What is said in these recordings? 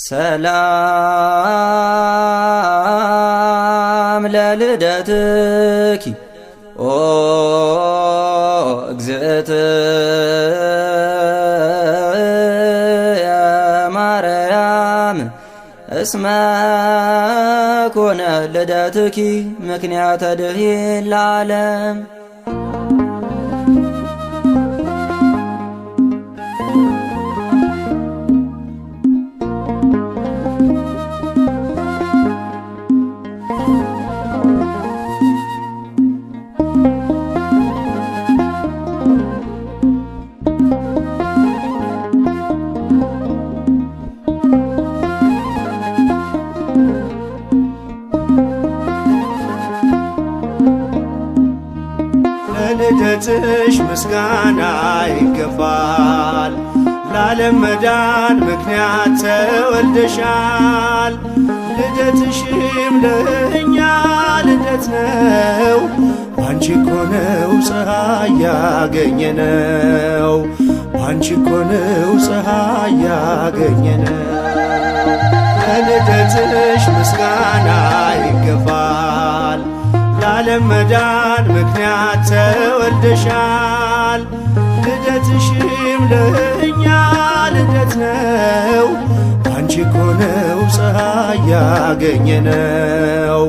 ሰላም ለልደትኪ ኦ እግዝእት የማርያም እስመ ኮነ ልደትኪ ምክንያተ ድኂን ለዓለም ለእናትሽ ምስጋና ይገባል። ለዓለም መዳን ምክንያት ተወልደሻል። ልደትሽም ለእኛ ልደት ነው። ባንቺ እኮ ነው ፀሐይ ያገኘነው። ባንቺ እኮ ነው ፀሐይ ያገኘነው። ለልደትሽ ምስጋና ይገባል ለዓለም መዳን ምክንያት ተወልደሻል። ልደትሽም ለእኛ ልደት ነው። አንቺ እኮ ነው ፀሐይ ያገኘነው።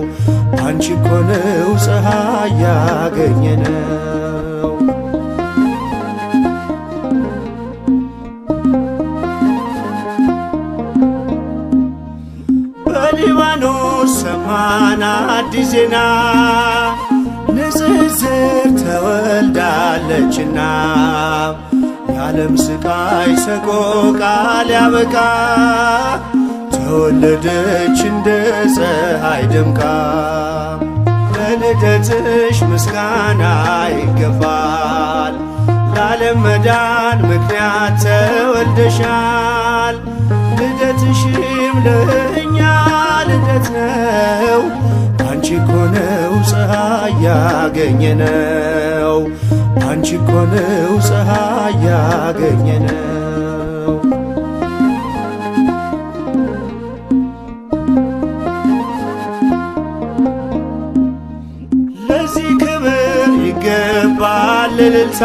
አንቺ እኮ ነው ፀሐይ ያገኘነው በብርሃን አዲስ ዜና ንጽጽር ተወልዳለችና የዓለም ስቃይ ሰቆቃ ሊያበቃ ተወለደች እንደ ፀሐይ ደምቃ። ለልደትሽ ምስጋና ይገባል፣ ለዓለም መዳን ምክንያት ተወልደሻል። ውልደትሽም ለእኛ ልደት ነው። አንቺ ኮነው ፀሐይ ነው! አንቺ ኮነው ፀሐይ ያገኘነው ለዚህ ክብር ይገባል ልልታ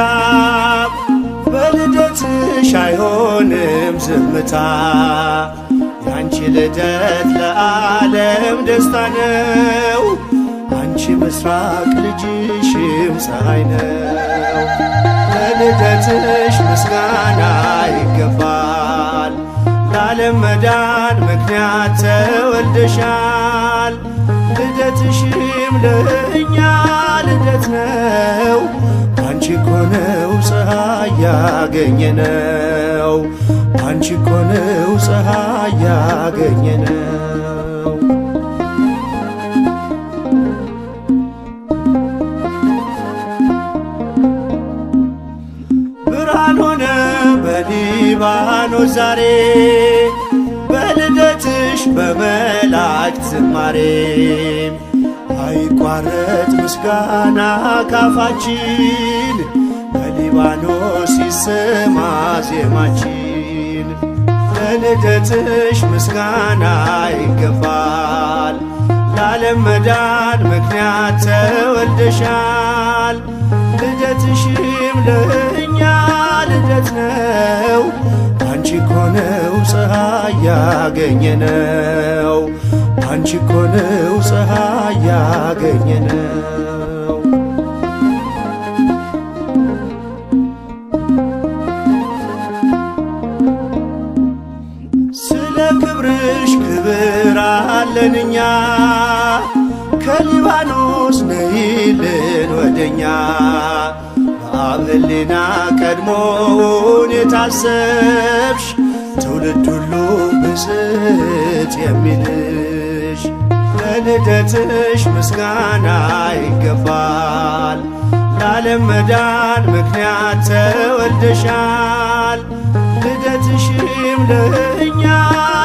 ብቻ አይሆንም ዝምታ ያንቺ ልደት ለዓለም ደስታ ነው። አንቺ ምስራቅ ልጅሽም ፀሐይ ነው። ለልደትሽ ምስጋና ይገባል። ለዓለም መዳን ምክንያት ተወልደሻል። ልደትሽም ለእኛ ልደት ነው። ኮነው ፀሐይ ያገኘነው አንቺ ኮነው ፀሐይ ያገኘነው ብርሃን ሆነ በሊባኖስ ዛሬ በልደትሽ በመላእክት ዝማሬ አይቋረጥ ምስጋና ካፋችን በሊባኖስ ይሰማ ዜማችን። ለልደትሽ ምስጋና ይገባል። ለዓለም መዳን ምክንያት ተወልደሻል። ልደትሽም ለእኛ ልደት ነው። አንቺ ኮነው ፀሐይ ያገኘነው አንቺ እኮ ነው ፀሐይ ያገኘነው። ስለ ክብርሽ ክብር አለን ከሊባኖስ ነይልን ወደኛ በአብህሊና ቀድሞውን የታሰብሽ ትውልድ ሁሉ ብፅዕት የሚል ክብርሽ ለልደትሽ ምስጋና ይገባል። ለዓለም መዳን ምክንያት ተወልደሻል። ልደትሽም ለእኛ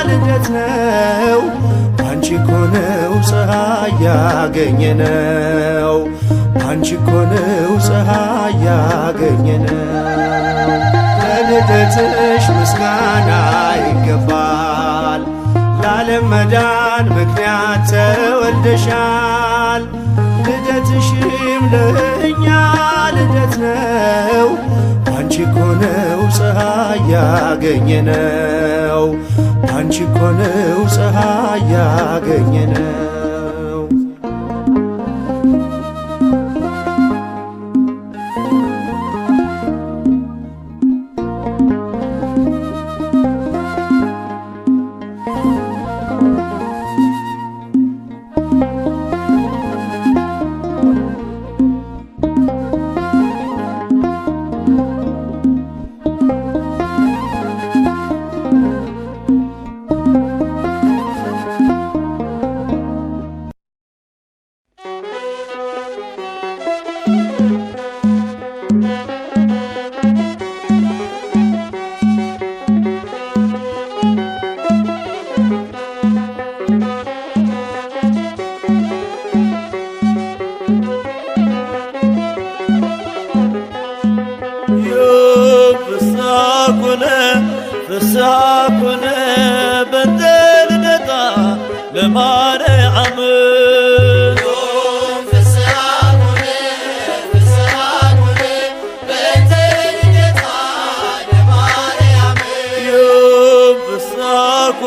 ልደት ነው። ባንቺ ያገኘ ነው ፀሐይ ያገኘነው። ባንቺ እኮ ነው ፀሐይ ያገኘነው። ለልደትሽ ምስጋና ይገባል የዓለም መዳን ምክንያት ተወልደሻል። ልደትሽም ለእኛ ልደት ነው። አንቺ እኮ ነው ፀሐይ ያገኘነው። አንቺ እኮ ነው ፀሐይ ያገኘነው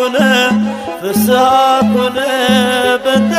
ሆነ ፍስሐ ሆነ በተ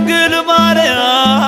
ਡੰਗਰ ਮਾਰਿਆ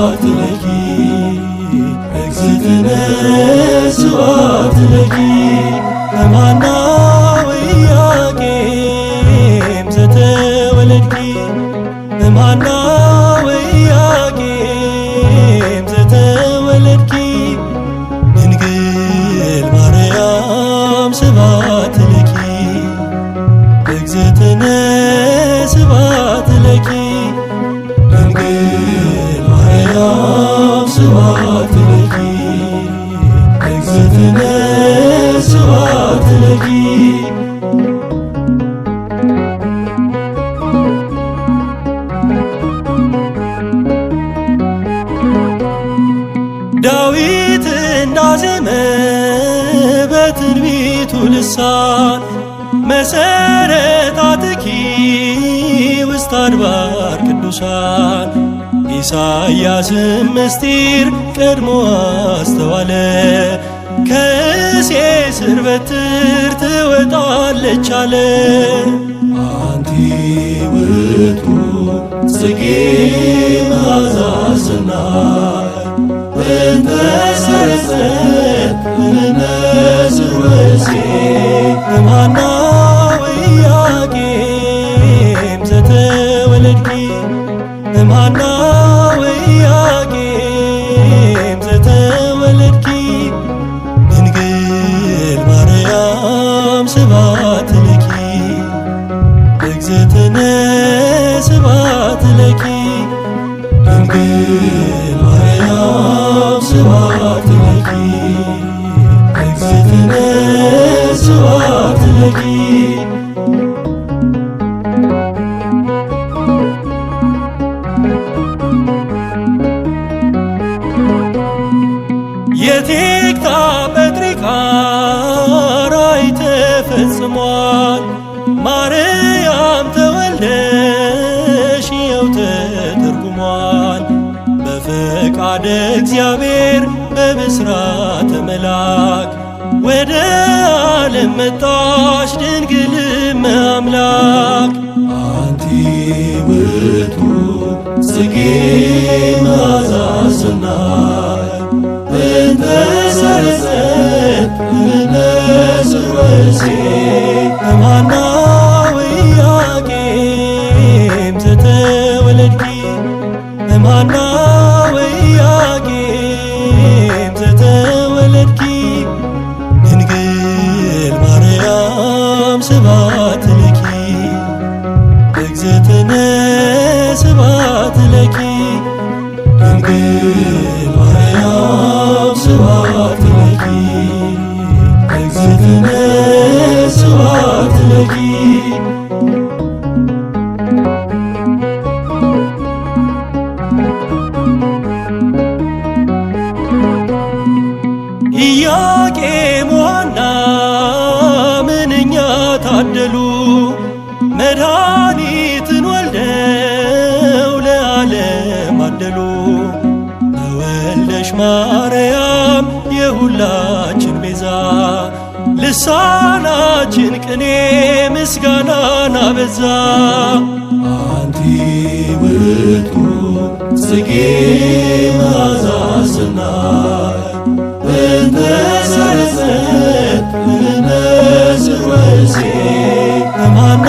سوات لگی اگزدنه سوات لگی በትንቢቱ ልሳን መሰረት አጥኪ ውስጥ አድባር ቅዱሳን ኢሳያስም ምስጢር ቀድሞ አስተዋለ ከሴ ስር በትር ትወጣለች አለ አንቲ ውእቱ ጽጌ መዓዛ እንተሰርሰ እንነዝወሴ እማና እግዚአብሔር በብስራተ መልአክ ወደ ዓለም መጣሽ ድንግል እመአምላክ አንቲ ውእቱ ጽጌ መዓዛ ሰናይ እንተ ሠረፀት እምነጽ ወእሴት ዘተወለድኪ በሐና ሽቶ ጽጌ መዓዛ ስናይ ወሴ ከማና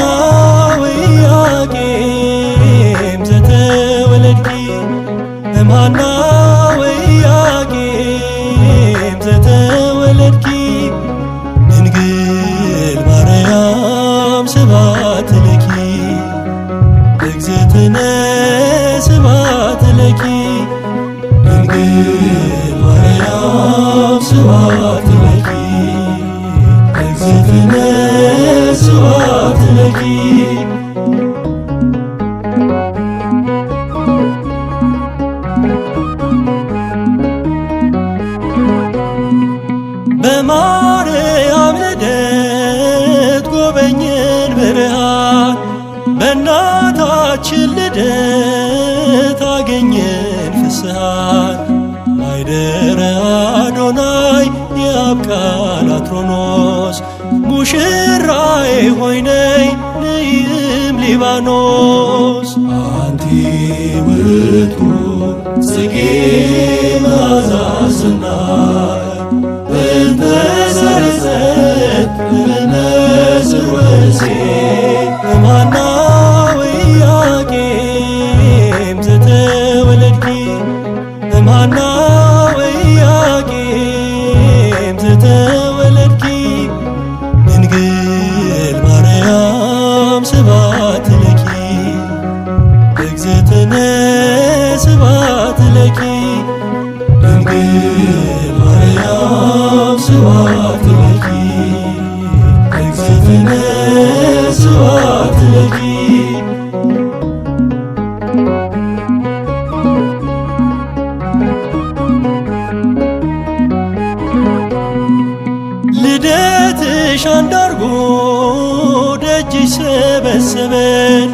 ደጅ ሰበሰበን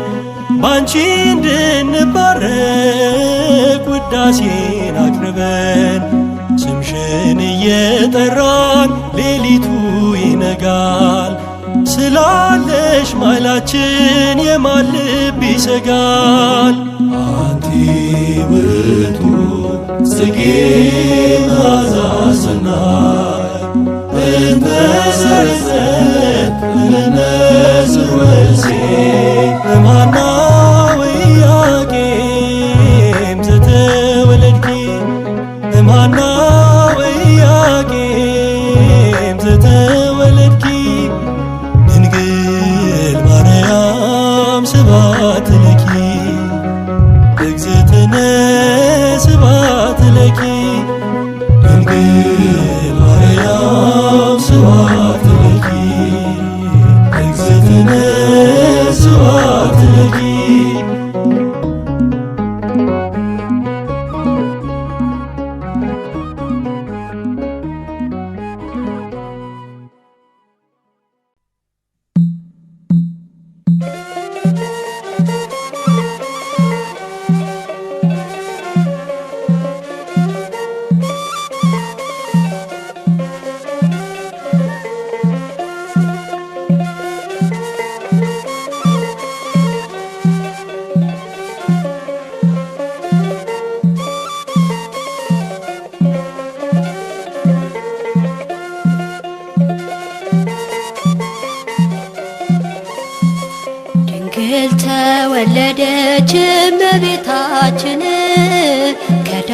ባንቺ እንድንባረክ ውዳሴን አቅርበን ስምሽን እየጠራን ሌሊቱ ይነጋል ስላለሽ ማይላችን የማን ልብ ይሰጋል? አንቲ ውእቱ ጽጌ ናዛሰና መሰረሰ መመዝወሴ በማና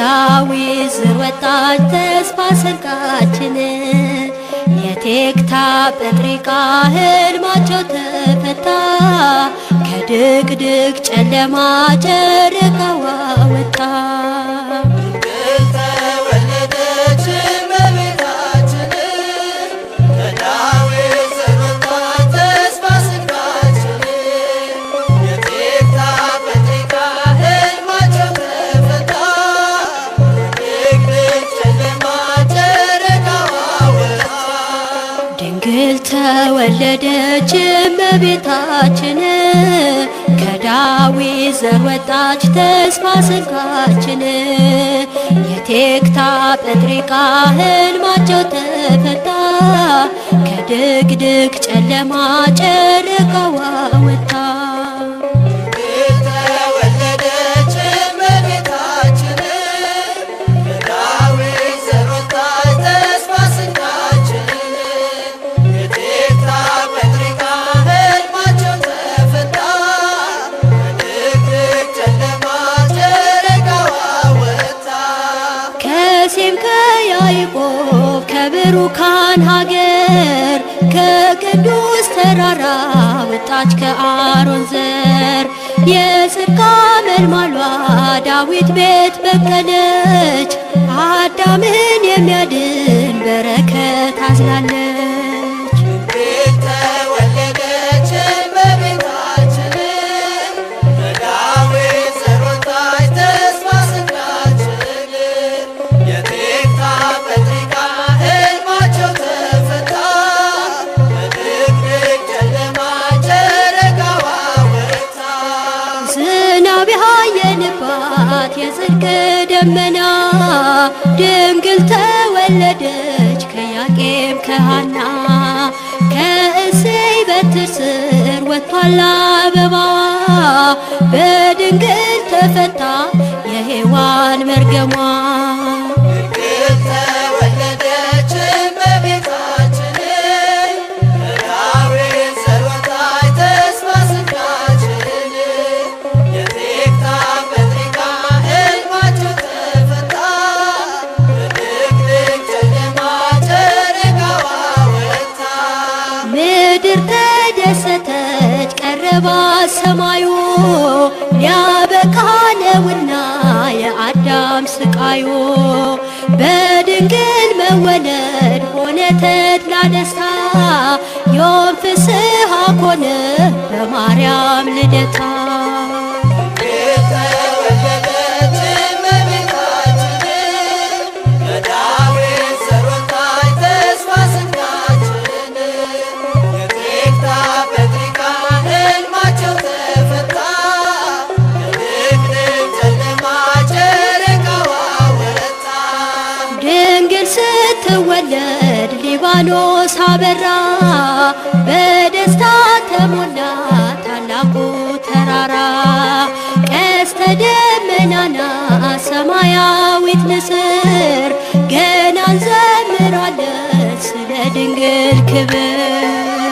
ሰራዊ ዝር ወጣች ተስፋ ስርቃችን የቴክታ ጴጥሪቃ ህልማቸው ተፈታ ከድቅድቅ ጨለማ ጨረቃዋ ወጣ ተስፋ ስልካችን የቴክታ ጴጥሪቃ ህልማቸው ተፈታ ከድቅድቅ ጨለማ ጨረቃዋ ከከነዓን ሀገር ከቅዱስ ተራራ ወጣች ከአሮን ዘር የጽድቅ መልማሏ ዳዊት ቤት በቀለች አዳምን የሚያድን በረከት አዝላለች። ደመና ድንግል ተወለደች ከያቄም ከሃና ከእሴይ በትር ስር ወጥቷል አበባ በድንግል ተፈታ የሔዋን መርገሟ ሲገባ ሰማዩ ሊያበቃ ነውና የአዳም ስቃዩ በድንግል መወለድ ሆነ ተድላ ደስታ ዮም ፍስሐ ኮነ በማርያም ልደታ ሲወለድ ሊባኖስ አበራ በደስታ ተሞላ ታላቁ ተራራ ቀስተ ደመናና ሰማያዊት ንስር ገና እንዘምራለን ስለ ድንግል ክብር